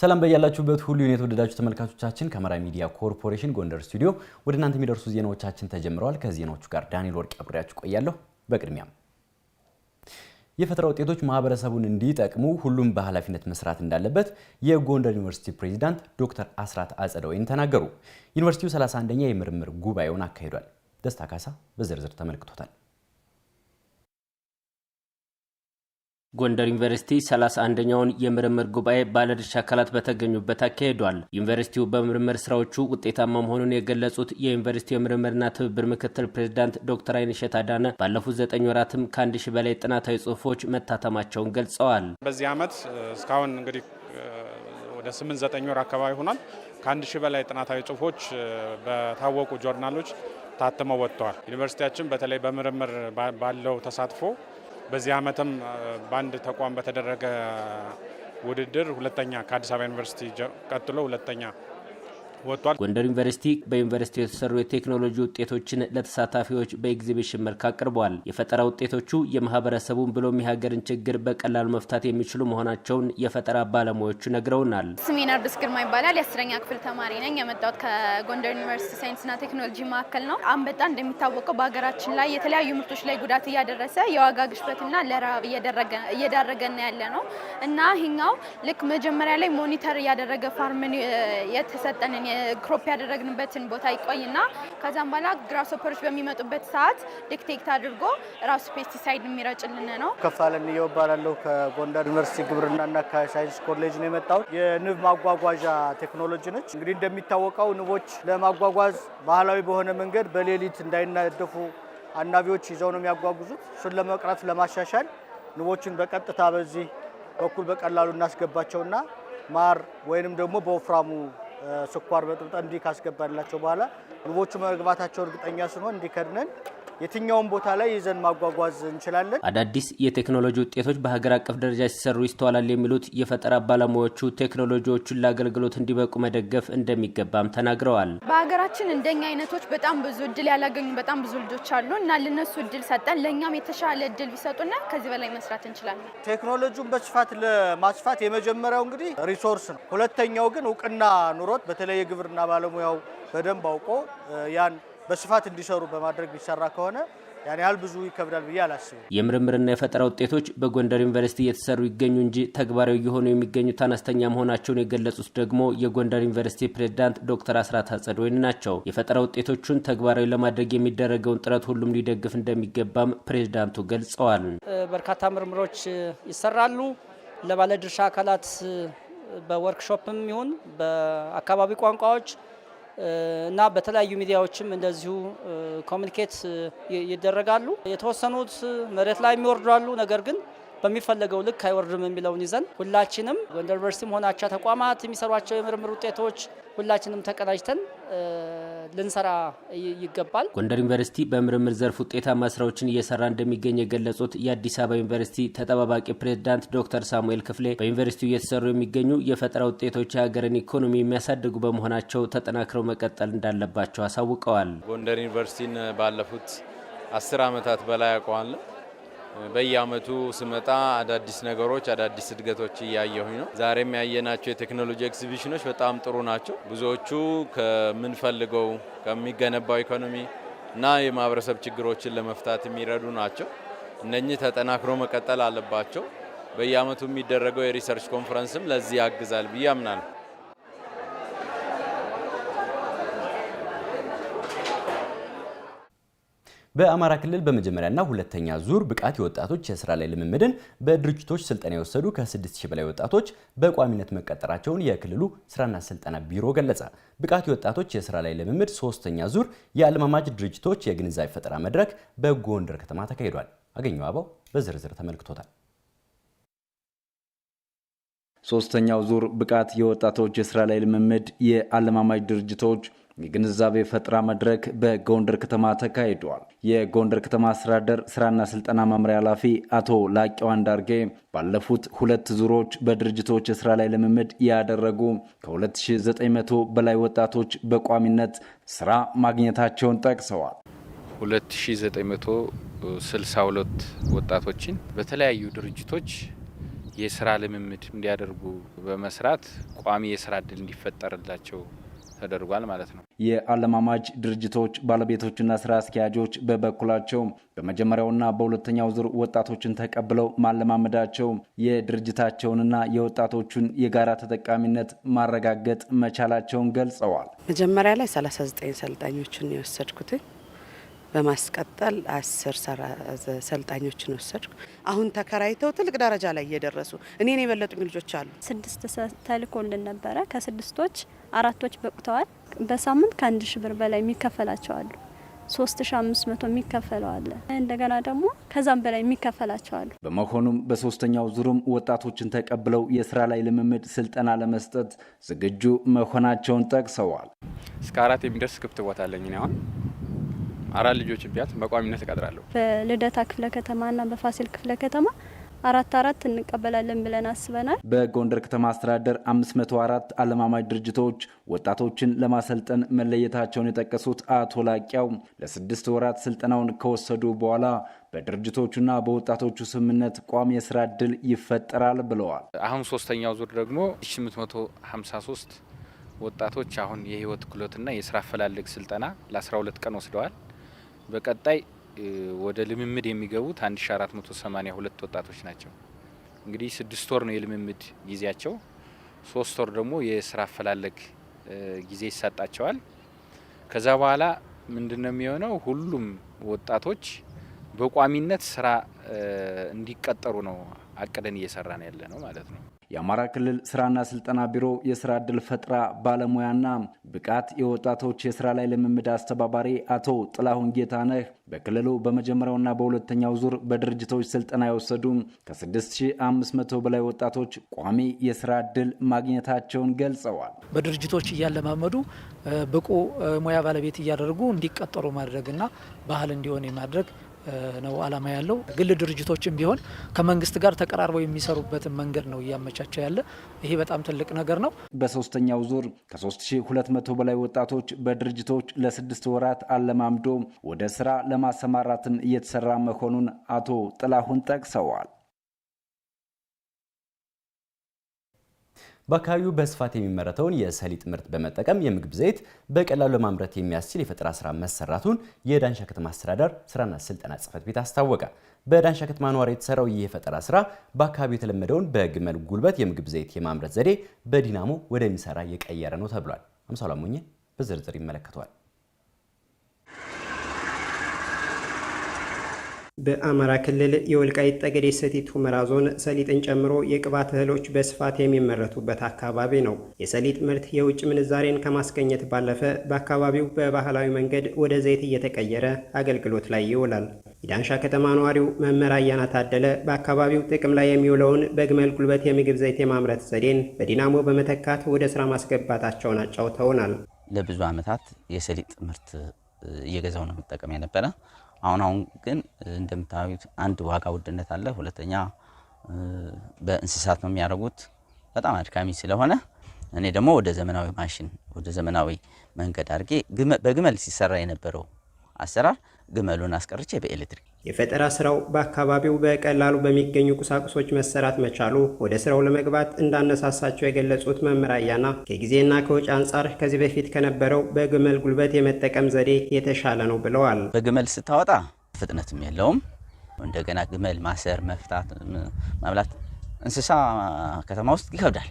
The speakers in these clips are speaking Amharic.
ሰላም በያላችሁበት ሁሉ የተወደዳችሁ ተመልካቾቻችን፣ ከአማራ ሚዲያ ኮርፖሬሽን ጎንደር ስቱዲዮ ወደ እናንተ የሚደርሱ ዜናዎቻችን ተጀምረዋል። ከዜናዎቹ ጋር ዳንኤል ወርቅ አብሬያችሁ ቆያለሁ። በቅድሚያም የፈጠራ ውጤቶች ማህበረሰቡን እንዲጠቅሙ ሁሉም በኃላፊነት መስራት እንዳለበት የጎንደር ዩኒቨርሲቲ ፕሬዚዳንት ዶክተር አስራት አጸደወይን ተናገሩ። ዩኒቨርሲቲው 31ኛ የምርምር ጉባኤውን አካሂዷል። ደስታ ካሳ በዝርዝር ተመልክቶታል። ጎንደር ዩኒቨርሲቲ 31ኛውን የምርምር ጉባኤ ባለድርሻ አካላት በተገኙበት አካሂዷል። ዩኒቨርሲቲው በምርምር ስራዎቹ ውጤታማ መሆኑን የገለጹት የዩኒቨርሲቲ የምርምርና ትብብር ምክትል ፕሬዚዳንት ዶክተር አይንሸት አዳነ ባለፉት ዘጠኝ ወራትም ከአንድ ሺህ በላይ ጥናታዊ ጽሁፎች መታተማቸውን ገልጸዋል። በዚህ ዓመት እስካሁን እንግዲህ ወደ ስምንት ዘጠኝ ወር አካባቢ ሆኗል። ከአንድ ሺህ በላይ ጥናታዊ ጽሁፎች በታወቁ ጆርናሎች ታትመው ወጥተዋል። ዩኒቨርሲቲያችን በተለይ በምርምር ባለው ተሳትፎ በዚህ ዓመትም በአንድ ተቋም በተደረገ ውድድር ሁለተኛ ከአዲስ አበባ ዩኒቨርሲቲ ቀጥሎ ሁለተኛ ወጥቷል። ጎንደር ዩኒቨርሲቲ በዩኒቨርሲቲው የተሰሩ የቴክኖሎጂ ውጤቶችን ለተሳታፊዎች በኤግዚቢሽን መልክ አቅርበዋል። የፈጠራ ውጤቶቹ የማህበረሰቡን ብሎም የሀገርን ችግር በቀላሉ መፍታት የሚችሉ መሆናቸውን የፈጠራ ባለሙያዎቹ ነግረውናል። ስሜን አርዱስ ግርማ ይባላል። የአስረኛ ክፍል ተማሪ ነኝ። የመጣሁት ከጎንደር ዩኒቨርሲቲ ሳይንስና ቴክኖሎጂ ማዕከል ነው። አንበጣ እንደሚታወቀው በሀገራችን ላይ የተለያዩ ምርቶች ላይ ጉዳት እያደረሰ የዋጋ ግሽበትና ለረሃብ እየዳረገና ያለ ነው እና ይህኛው ልክ መጀመሪያ ላይ ሞኒተር እያደረገ ፋርምን የተሰጠንን ክሮፕ ያደረግንበትን ቦታ ይቆይና ከዛም በኋላ ግራሶፐሮች በሚመጡበት ሰዓት ዲክቴክት አድርጎ ራሱ ፔስቲሳይድ የሚረጭልን ነው። ከፋለን እየው እባላለሁ ከጎንደር ዩኒቨርሲቲ ግብርናና ከሳይንስ ኮሌጅ ነው የመጣሁት። የንብ ማጓጓዣ ቴክኖሎጂ ነች። እንግዲህ እንደሚታወቀው ንቦች ለማጓጓዝ ባህላዊ በሆነ መንገድ በሌሊት እንዳይናደፉ አናቢዎች ይዘው ነው የሚያጓጉዙት። እሱን ለመቅረፍ ለማሻሻል ንቦችን በቀጥታ በዚህ በኩል በቀላሉ እናስገባቸውና ማር ወይንም ደግሞ በወፍራሙ ስኳር በጥብጠን እንዲህ ካስገባንላቸው በኋላ ንቦቹ መግባታቸው እርግጠኛ ስንሆን እንዲከድነን የትኛውም ቦታ ላይ ይዘን ማጓጓዝ እንችላለን። አዳዲስ የቴክኖሎጂ ውጤቶች በሀገር አቀፍ ደረጃ ሲሰሩ ይስተዋላል የሚሉት የፈጠራ ባለሙያዎቹ ቴክኖሎጂዎቹን ለአገልግሎት እንዲበቁ መደገፍ እንደሚገባም ተናግረዋል። በሀገራችን እንደኛ አይነቶች በጣም ብዙ እድል ያላገኙ በጣም ብዙ ልጆች አሉ እና ልነሱ እድል ሰጠን ለእኛም የተሻለ እድል ቢሰጡና ከዚህ በላይ መስራት እንችላለን። ቴክኖሎጂውን በስፋት ለማስፋት የመጀመሪያው እንግዲህ ሪሶርስ ነው። ሁለተኛው ግን እውቅና ኑሮት በተለይ የግብርና ባለሙያው በደንብ አውቆ ያን በስፋት እንዲሰሩ በማድረግ ቢሰራ ከሆነ ያን ያህል ብዙ ይከብዳል ብዬ አላስብም። የምርምርና የፈጠራ ውጤቶች በጎንደር ዩኒቨርሲቲ እየተሰሩ ይገኙ እንጂ ተግባራዊ እየሆኑ የሚገኙት አነስተኛ መሆናቸውን የገለጹት ደግሞ የጎንደር ዩኒቨርሲቲ ፕሬዚዳንት ዶክተር አስራት አጸደወይን ናቸው። የፈጠራ ውጤቶቹን ተግባራዊ ለማድረግ የሚደረገውን ጥረት ሁሉም ሊደግፍ እንደሚገባም ፕሬዚዳንቱ ገልጸዋል። በርካታ ምርምሮች ይሰራሉ። ለባለድርሻ አካላት በወርክሾፕም ይሁን በአካባቢ ቋንቋዎች እና በተለያዩ ሚዲያዎችም እንደዚሁ ኮሚኒኬት ይደረጋሉ። የተወሰኑት መሬት ላይ የሚወርዷሉ። ነገር ግን በሚፈለገው ልክ አይወርድም የሚለውን ይዘን ሁላችንም ጎንደር ዩኒቨርሲቲም ሆናቸው ተቋማት የሚሰሯቸው የምርምር ውጤቶች ሁላችንም ተቀናጅተን ልንሰራ ይገባል። ጎንደር ዩኒቨርሲቲ በምርምር ዘርፍ ውጤታማ ስራዎችን እየሰራ እንደሚገኝ የገለጹት የአዲስ አበባ ዩኒቨርሲቲ ተጠባባቂ ፕሬዝዳንት ዶክተር ሳሙኤል ክፍሌ በዩኒቨርሲቲው እየተሰሩ የሚገኙ የፈጠራ ውጤቶች የሀገርን ኢኮኖሚ የሚያሳድጉ በመሆናቸው ተጠናክረው መቀጠል እንዳለባቸው አሳውቀዋል። ጎንደር ዩኒቨርሲቲን ባለፉት አስር ዓመታት በላይ ያውቀዋለሁ። በየአመቱ ስመጣ አዳዲስ ነገሮች አዳዲስ እድገቶች እያየሁኝ ነው። ዛሬም ያየናቸው የቴክኖሎጂ ኤግዚቢሽኖች በጣም ጥሩ ናቸው። ብዙዎቹ ከምንፈልገው ከሚገነባው ኢኮኖሚ እና የማህበረሰብ ችግሮችን ለመፍታት የሚረዱ ናቸው። እነኚህ ተጠናክሮ መቀጠል አለባቸው። በየአመቱ የሚደረገው የሪሰርች ኮንፈረንስም ለዚህ ያግዛል ብዬ አምናለሁ። በአማራ ክልል በመጀመሪያና ሁለተኛ ዙር ብቃት የወጣቶች የስራ ላይ ልምምድን በድርጅቶች ስልጠና የወሰዱ ከ6000 በላይ ወጣቶች በቋሚነት መቀጠራቸውን የክልሉ ስራና ስልጠና ቢሮ ገለጸ። ብቃት የወጣቶች የስራ ላይ ልምምድ ሶስተኛ ዙር የአለማማጅ ድርጅቶች የግንዛቤ ፈጠራ መድረክ በጎንደር ከተማ ተካሂዷል። አገኘው አበው በዝርዝር ተመልክቶታል። ሶስተኛው ዙር ብቃት የወጣቶች የስራ ላይ ልምምድ የአለማማጅ ድርጅቶች የግንዛቤ ፈጠራ መድረክ በጎንደር ከተማ ተካሂዷል። የጎንደር ከተማ አስተዳደር ስራና ስልጠና መምሪያ ኃላፊ አቶ ላቂው አንዳርጌ ባለፉት ሁለት ዙሮች በድርጅቶች የስራ ላይ ልምምድ ያደረጉ ከ2900 በላይ ወጣቶች በቋሚነት ስራ ማግኘታቸውን ጠቅሰዋል። 2962 ወጣቶችን በተለያዩ ድርጅቶች የስራ ልምምድ እንዲያደርጉ በመስራት ቋሚ የስራ እድል እንዲፈጠርላቸው ተደርጓል ማለት ነው። የአለማማጅ ድርጅቶች ባለቤቶችና ስራ አስኪያጆች በበኩላቸው በመጀመሪያውና በሁለተኛው ዙር ወጣቶችን ተቀብለው ማለማመዳቸው የድርጅታቸውንና የወጣቶቹን የጋራ ተጠቃሚነት ማረጋገጥ መቻላቸውን ገልጸዋል። መጀመሪያ ላይ 39 ሰልጣኞችን የወሰድኩት በማስቀጠል አስር ሰልጣኞችን ወሰድኩ። አሁን ተከራይተው ትልቅ ደረጃ ላይ እየደረሱ እኔን የበለጡኝ ልጆች አሉ። ስድስት ተልእኮ ነበረ ከስድስቶች አራቶች በቁተዋል። በሳምንት ከአንድ ሺ ብር በላይ የሚከፈላቸው አሉ። ሶስት ሺ አምስት መቶ የሚከፈለው አለ። እንደገና ደግሞ ከዛም በላይ የሚከፈላቸው አሉ። በመሆኑም በሶስተኛው ዙርም ወጣቶችን ተቀብለው የስራ ላይ ልምምድ ስልጠና ለመስጠት ዝግጁ መሆናቸውን ጠቅሰዋል። እስከ አራት የሚደርስ ክፍት ቦታ አለኝ። አሁን አራት ልጆች ቢያት በቋሚነት እቀጥራለሁ። በልደታ ክፍለ ከተማና በፋሲል ክፍለ ከተማ አራት አራት እንቀበላለን ብለን አስበናል። በጎንደር ከተማ አስተዳደር 504 አለማማጅ ድርጅቶች ወጣቶችን ለማሰልጠን መለየታቸውን የጠቀሱት አቶ ላቂያው ለስድስት ወራት ስልጠናውን ከወሰዱ በኋላ በድርጅቶቹና በወጣቶቹ ስምምነት ቋሚ የስራ እድል ይፈጠራል ብለዋል። አሁን ሶስተኛው ዙር ደግሞ 853 ወጣቶች አሁን የህይወት ክህሎትና የስራ አፈላልግ ስልጠና ለ12 ቀን ወስደዋል። በቀጣይ ወደ ልምምድ የሚገቡት 1482 ወጣቶች ናቸው። እንግዲህ ስድስት ወር ነው የልምምድ ጊዜያቸው፣ ሶስት ወር ደግሞ የስራ አፈላለግ ጊዜ ይሰጣቸዋል። ከዛ በኋላ ምንድን ነው የሚሆነው? ሁሉም ወጣቶች በቋሚነት ስራ እንዲቀጠሩ ነው አቅደን እየሰራ ነው ያለ ነው ማለት ነው። የአማራ ክልል ስራና ስልጠና ቢሮ የስራ ዕድል ፈጠራ ባለሙያና ብቃት የወጣቶች የስራ ላይ ልምምድ አስተባባሪ አቶ ጥላሁን ጌታነህ በክልሉ በመጀመሪያውና በሁለተኛው ዙር በድርጅቶች ስልጠና የወሰዱ ከ6500 በላይ ወጣቶች ቋሚ የስራ ዕድል ማግኘታቸውን ገልጸዋል። በድርጅቶች እያለማመዱ ብቁ ሙያ ባለቤት እያደረጉ እንዲቀጠሩ ማድረግና ባህል እንዲሆን የማድረግ ነው አላማ ያለው። ግል ድርጅቶችም ቢሆን ከመንግስት ጋር ተቀራርበው የሚሰሩበትን መንገድ ነው እያመቻቸ ያለ። ይሄ በጣም ትልቅ ነገር ነው። በሶስተኛው ዙር ከ3200 በላይ ወጣቶች በድርጅቶች ለስድስት ወራት አለማምዶ ወደ ስራ ለማሰማራትም እየተሰራ መሆኑን አቶ ጥላሁን ጠቅሰዋል። በአካባቢው በስፋት የሚመረተውን የሰሊጥ ምርት በመጠቀም የምግብ ዘይት በቀላሉ ለማምረት የሚያስችል የፈጠራ ስራ መሰራቱን የዳንሻ ከተማ አስተዳደር ስራና ስልጠና ጽህፈት ቤት አስታወቀ። በዳንሻ ከተማ ነዋሪ የተሰራው ይህ የፈጠራ ስራ በአካባቢው የተለመደውን በግመል ጉልበት የምግብ ዘይት የማምረት ዘዴ በዲናሞ ወደሚሰራ የቀየረ ነው ተብሏል። አምሳላ ሙኜ በዝርዝር ይመለከተዋል። በአማራ ክልል የወልቃይት ጠገዴ ሰቲት ሁመራ ዞን ሰሊጥን ጨምሮ የቅባት እህሎች በስፋት የሚመረቱበት አካባቢ ነው። የሰሊጥ ምርት የውጭ ምንዛሬን ከማስገኘት ባለፈ በአካባቢው በባህላዊ መንገድ ወደ ዘይት እየተቀየረ አገልግሎት ላይ ይውላል። የዳንሻ ከተማ ነዋሪው መምህር አያና ታደለ በአካባቢው ጥቅም ላይ የሚውለውን በግመል ጉልበት የምግብ ዘይት የማምረት ዘዴን በዲናሞ በመተካት ወደ ስራ ማስገባታቸውን አጫውተውናል። ለብዙ ዓመታት የሰሊጥ ምርት እየገዛው ነው መጠቀም የነበረ አሁን አሁን ግን እንደምታዩት አንድ ዋጋ ውድነት አለ፣ ሁለተኛ በእንስሳት ነው የሚያደርጉት በጣም አድካሚ ስለሆነ እኔ ደግሞ ወደ ዘመናዊ ማሽን ወደ ዘመናዊ መንገድ አድርጌ በግመል ሲሰራ የነበረው አሰራር ግመሉን አስቀርቼ በኤሌክትሪክ የፈጠራ ስራው በአካባቢው በቀላሉ በሚገኙ ቁሳቁሶች መሰራት መቻሉ ወደ ስራው ለመግባት እንዳነሳሳቸው የገለጹት መምህር ከጊዜና ከውጭ አንጻር ከዚህ በፊት ከነበረው በግመል ጉልበት የመጠቀም ዘዴ የተሻለ ነው ብለዋል። በግመል ስታወጣ ፍጥነትም የለውም። እንደገና ግመል ማሰር፣ መፍታት፣ ማብላት እንስሳ ከተማ ውስጥ ይከብዳል።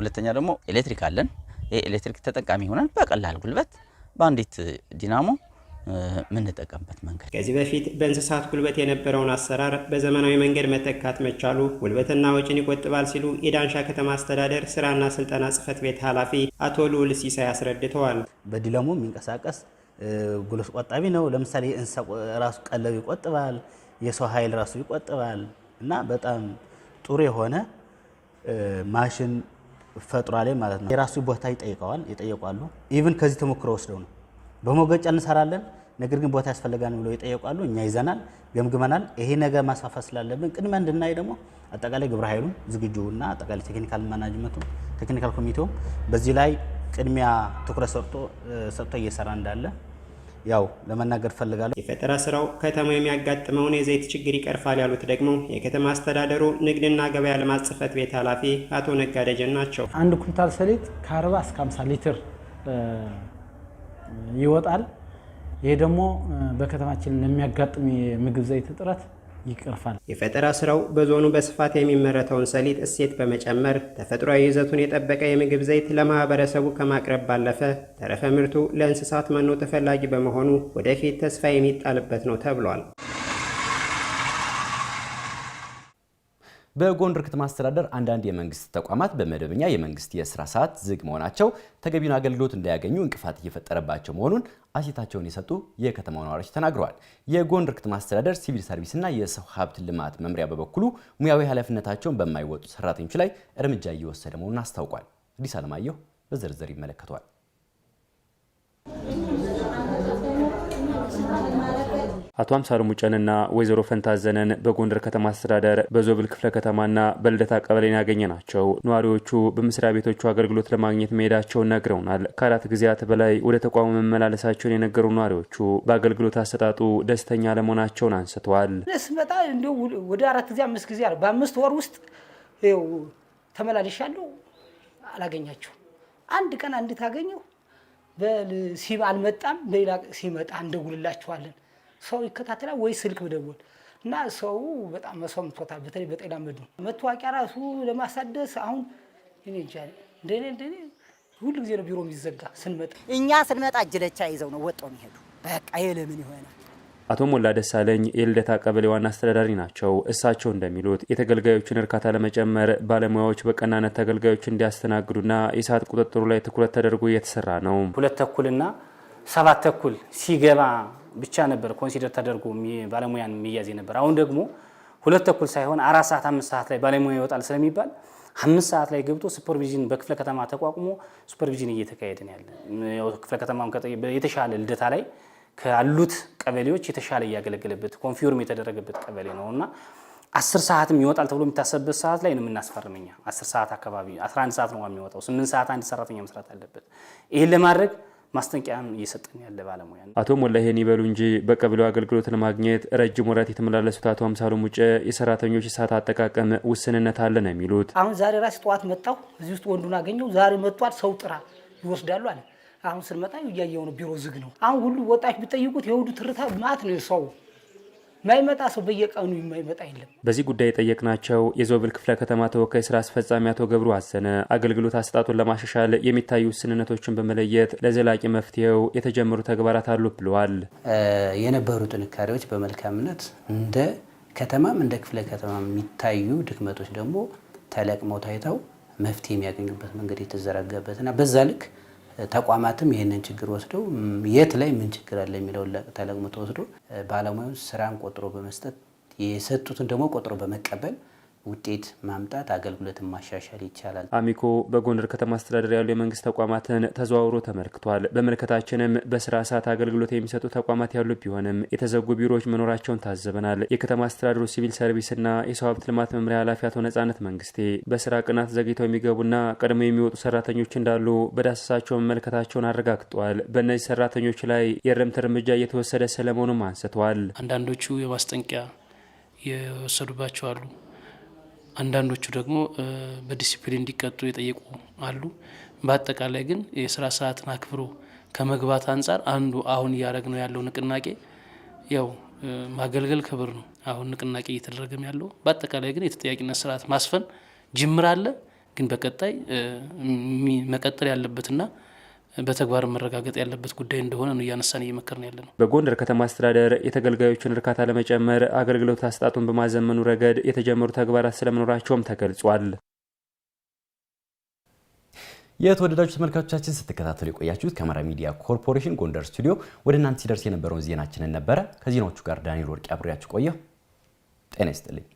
ሁለተኛ ደግሞ ኤሌክትሪክ አለን። ይህ ኤሌክትሪክ ተጠቃሚ ሆነን በቀላል ጉልበት በአንዲት ዲናሞ የምንጠቀምበት መንገድ። ከዚህ በፊት በእንስሳት ጉልበት የነበረውን አሰራር በዘመናዊ መንገድ መተካት መቻሉ ጉልበትና ወጪን ይቆጥባል ሲሉ የዳንሻ ከተማ አስተዳደር ስራና ስልጠና ጽህፈት ቤት ኃላፊ አቶ ልዑል ሲሳይ አስረድተዋል። በዲለሙ የሚንቀሳቀስ ጉልበት ቆጣቢ ነው። ለምሳሌ የእንስሳ ራሱ ቀለብ ይቆጥባል፣ የሰው ኃይል ራሱ ይቆጥባል እና በጣም ጥሩ የሆነ ማሽን ፈጥሯል ማለት ነው። የራሱ ቦታ ይጠይቀዋል ይጠየቋሉ። ኢቭን ከዚህ ተሞክሮ ወስደው ነው በሞገጫ እንሰራለን። ነገር ግን ቦታ ያስፈልጋል ብለው ይጠየቃሉ። እኛ ይዘናል፣ ገምግመናል። ይሄ ነገር ማስፋፋት ስላለብን ቅድመ እንድናይ ደግሞ አጠቃላይ ግብረ ኃይሉም ዝግጁና አጠቃላይ ቴክኒካል ማናጅመንቱ ቴክኒካል ኮሚቴውም በዚህ ላይ ቅድሚያ ትኩረት ሰጥቶ እየሰራ እንዳለ ያው ለመናገር ፈልጋለሁ። የፈጠራ ስራው ከተማው የሚያጋጥመውን የዘይት ችግር ይቀርፋል ያሉት ደግሞ የከተማ አስተዳደሩ ንግድና ገበያ ልማት ጽሕፈት ቤት ኃላፊ አቶ ነጋደጀን ናቸው። አንድ ኩንታል ሰሊጥ ከ40 እስከ 50 ሊትር ይወጣል። ይሄ ደግሞ በከተማችን ለሚያጋጥም የምግብ ዘይት እጥረት ይቀርፋል። የፈጠራ ስራው በዞኑ በስፋት የሚመረተውን ሰሊጥ እሴት በመጨመር ተፈጥሯዊ ይዘቱን የጠበቀ የምግብ ዘይት ለማህበረሰቡ ከማቅረብ ባለፈ ተረፈ ምርቱ ለእንስሳት መኖ ተፈላጊ በመሆኑ ወደፊት ተስፋ የሚጣልበት ነው ተብሏል። በጎንደር ከተማ አስተዳደር አንዳንድ የመንግስት ተቋማት በመደበኛ የመንግስት የስራ ሰዓት ዝግ መሆናቸው ተገቢውን አገልግሎት እንዳያገኙ እንቅፋት እየፈጠረባቸው መሆኑን አሴታቸውን የሰጡ የከተማው ነዋሪዎች ተናግረዋል። የጎንደር ከተማ አስተዳደር ሲቪል ሰርቪስና የሰው ሀብት ልማት መምሪያ በበኩሉ ሙያዊ ኃላፊነታቸውን በማይወጡ ሰራተኞች ላይ እርምጃ እየወሰደ መሆኑን አስታውቋል። አዲስ አለማየሁ በዝርዝር ይመለከተዋል። አቶ አምሳሉ ሙጨንና ወይዘሮ ፈንታዘነን በጎንደር ከተማ አስተዳደር በዞብል ክፍለ ከተማና በልደታ ቀበሌን ያገኘ ናቸው። ነዋሪዎቹ በመስሪያ ቤቶቹ አገልግሎት ለማግኘት መሄዳቸውን ነግረውናል። ከአራት ጊዜያት በላይ ወደ ተቋሙ መመላለሳቸውን የነገሩ ነዋሪዎቹ በአገልግሎት አሰጣጡ ደስተኛ ለመሆናቸውን አንስተዋል። ስመጣ እንዲያው ወደ አራት ጊዜ አምስት ጊዜ በአምስት ወር ውስጥ ተመላለሻለሁ። አላገኛቸው አንድ ቀን አንድ ታገኘው በል ሲብ አልመጣም፣ በሌላ ሲመጣ እንደውልላቸዋለን ሰው ይከታተላል ወይ ስልክ መደወል እና ሰው በጣም መስዋዕትነቷታል። በተለይ በጤና መድኑ መታወቂያ ራሱ ለማሳደስ አሁን እኔ እንጃ እንደኔ እንደኔ ሁሉ ጊዜ ነው ቢሮ የሚዘጋ ስንመጣ እኛ ስንመጣ እጅለቻ ይዘው ነው ወጣው የሚሄዱ በቃ የለምን ይሆናል? አቶ ሞላ ደሳለኝ የልደታ ቀበሌ ዋና አስተዳዳሪ ናቸው። እሳቸው እንደሚሉት የተገልጋዮችን እርካታ ለመጨመር ባለሙያዎች በቀናነት ተገልጋዮች እንዲያስተናግዱና የሰዓት ቁጥጥሩ ላይ ትኩረት ተደርጎ እየተሰራ ነው። ሁለት ተኩልና ሰባት ተኩል ሲገባ ብቻ ነበር ኮንሲደር ተደርጎ ባለሙያን የሚያዝ ነበር። አሁን ደግሞ ሁለት ተኩል ሳይሆን አራት ሰዓት አምስት ሰዓት ላይ ባለሙያ ይወጣል ስለሚባል አምስት ሰዓት ላይ ገብቶ ሱፐርቪዥን በክፍለ ከተማ ተቋቁሞ ሱፐርቪዥን እየተካሄደ ነው ያለ። ክፍለ ከተማም የተሻለ ልደታ ላይ ካሉት ቀበሌዎች የተሻለ እያገለገለበት ኮንፊርም የተደረገበት ቀበሌ ነው እና አስር ሰዓትም ይወጣል ተብሎ የሚታሰብበት ሰዓት ላይ ነው የምናስፈርመኛ አስር ሰዓት አካባቢ አስራ አንድ ሰዓት ነው የሚወጣው። ስምንት ሰዓት አንድ ሰራተኛ መስራት አለበት። ይህን ለማድረግ ማስጠንቀቂያም እየሰጠን ያለ ባለሙያ ነው። አቶ ሞላሄን ይበሉ እንጂ በቀበሌው አገልግሎት ለማግኘት ረጅም ወረት የተመላለሱት አቶ አምሳሉ ሙጬ የሰራተኞች የሰዓት አጠቃቀም ውስንነት አለ ነው የሚሉት። አሁን ዛሬ ራሴ ጠዋት መጣሁ። እዚህ ውስጥ ወንዱን አገኘው። ዛሬ መጥቷል። ሰው ጥራ ይወስዳሉ አለ። አሁን ስንመጣ እያየው ነው። ቢሮ ዝግ ነው። አሁን ሁሉ ወጣች ብጠይቁት የውዱ ትርታ ማት ነው ሰው ማይመጣ ሰው በየቀኑ የማይመጣ የለም። በዚህ ጉዳይ የጠየቅናቸው የዞብል ክፍለ ከተማ ተወካይ ስራ አስፈጻሚ አቶ ገብሩ አዘነ አገልግሎት አሰጣጡን ለማሻሻል የሚታዩ ውስንነቶችን በመለየት ለዘላቂ መፍትሄው የተጀመሩ ተግባራት አሉ ብለዋል። የነበሩ ጥንካሬዎች በመልካምነት እንደ ከተማም እንደ ክፍለ ከተማ የሚታዩ ድክመቶች ደግሞ ተለቅመው ታይተው መፍትሄ የሚያገኙበት መንገድ የተዘረጋበትና በዛ ልክ ተቋማትም ይህንን ችግር ወስደው የት ላይ ምን ችግር አለ የሚለውን ተለቅሞ ወስዶ ባለሙያውን ስራን ቆጥሮ በመስጠት የሰጡትን ደግሞ ቆጥሮ በመቀበል ውጤት ማምጣት አገልግሎትን ማሻሻል ይቻላል። አሚኮ በጎንደር ከተማ አስተዳደር ያሉ የመንግስት ተቋማትን ተዘዋውሮ ተመልክቷል። በመልከታችንም በስራ ሰዓት አገልግሎት የሚሰጡ ተቋማት ያሉ ቢሆንም የተዘጉ ቢሮዎች መኖራቸውን ታዘበናል። የከተማ አስተዳደሩ ሲቪል ሰርቪስና የሰው ሀብት ልማት መምሪያ ኃላፊ አቶ ነጻነት መንግስቴ በስራ ቅናት ዘግይተው የሚገቡና ቀድሞ የሚወጡ ሰራተኞች እንዳሉ በዳሰሳቸው መመልከታቸውን አረጋግጧል። በእነዚህ ሰራተኞች ላይ የእርምት እርምጃ እየተወሰደ ስለመሆኑም አንስተዋል። አንዳንዶቹ የማስጠንቀቂያ የወሰዱባቸው አሉ አንዳንዶቹ ደግሞ በዲሲፕሊን እንዲቀጡ የጠየቁ አሉ። በአጠቃላይ ግን የስራ ሰዓትን አክብሮ ከመግባት አንጻር አንዱ አሁን እያደረግነው ያለው ንቅናቄ ያው ማገልገል ክብር ነው። አሁን ንቅናቄ እየተደረገም ያለው በአጠቃላይ ግን የተጠያቂነት ስርዓት ማስፈን ጅምር አለ። ግን በቀጣይ መቀጠል ያለበትና በተግባር መረጋገጥ ያለበት ጉዳይ እንደሆነ ነው እያነሳን እየመከርን ያለ ነው። በጎንደር ከተማ አስተዳደር የተገልጋዮችን እርካታ ለመጨመር አገልግሎት አሰጣጡን በማዘመኑ ረገድ የተጀመሩ ተግባራት ስለመኖራቸውም ተገልጿል። የተወደዳችሁ ተመልካቾቻችን ስትከታተሉ የቆያችሁት ከአማራ ሚዲያ ኮርፖሬሽን ጎንደር ስቱዲዮ ወደ እናንተ ሲደርስ የነበረውን ዜናችንን ነበረ። ከዜናዎቹ ጋር ዳንኤል ወርቅ አብሬያችሁ ቆየሁ። ጤና ይስጥልኝ።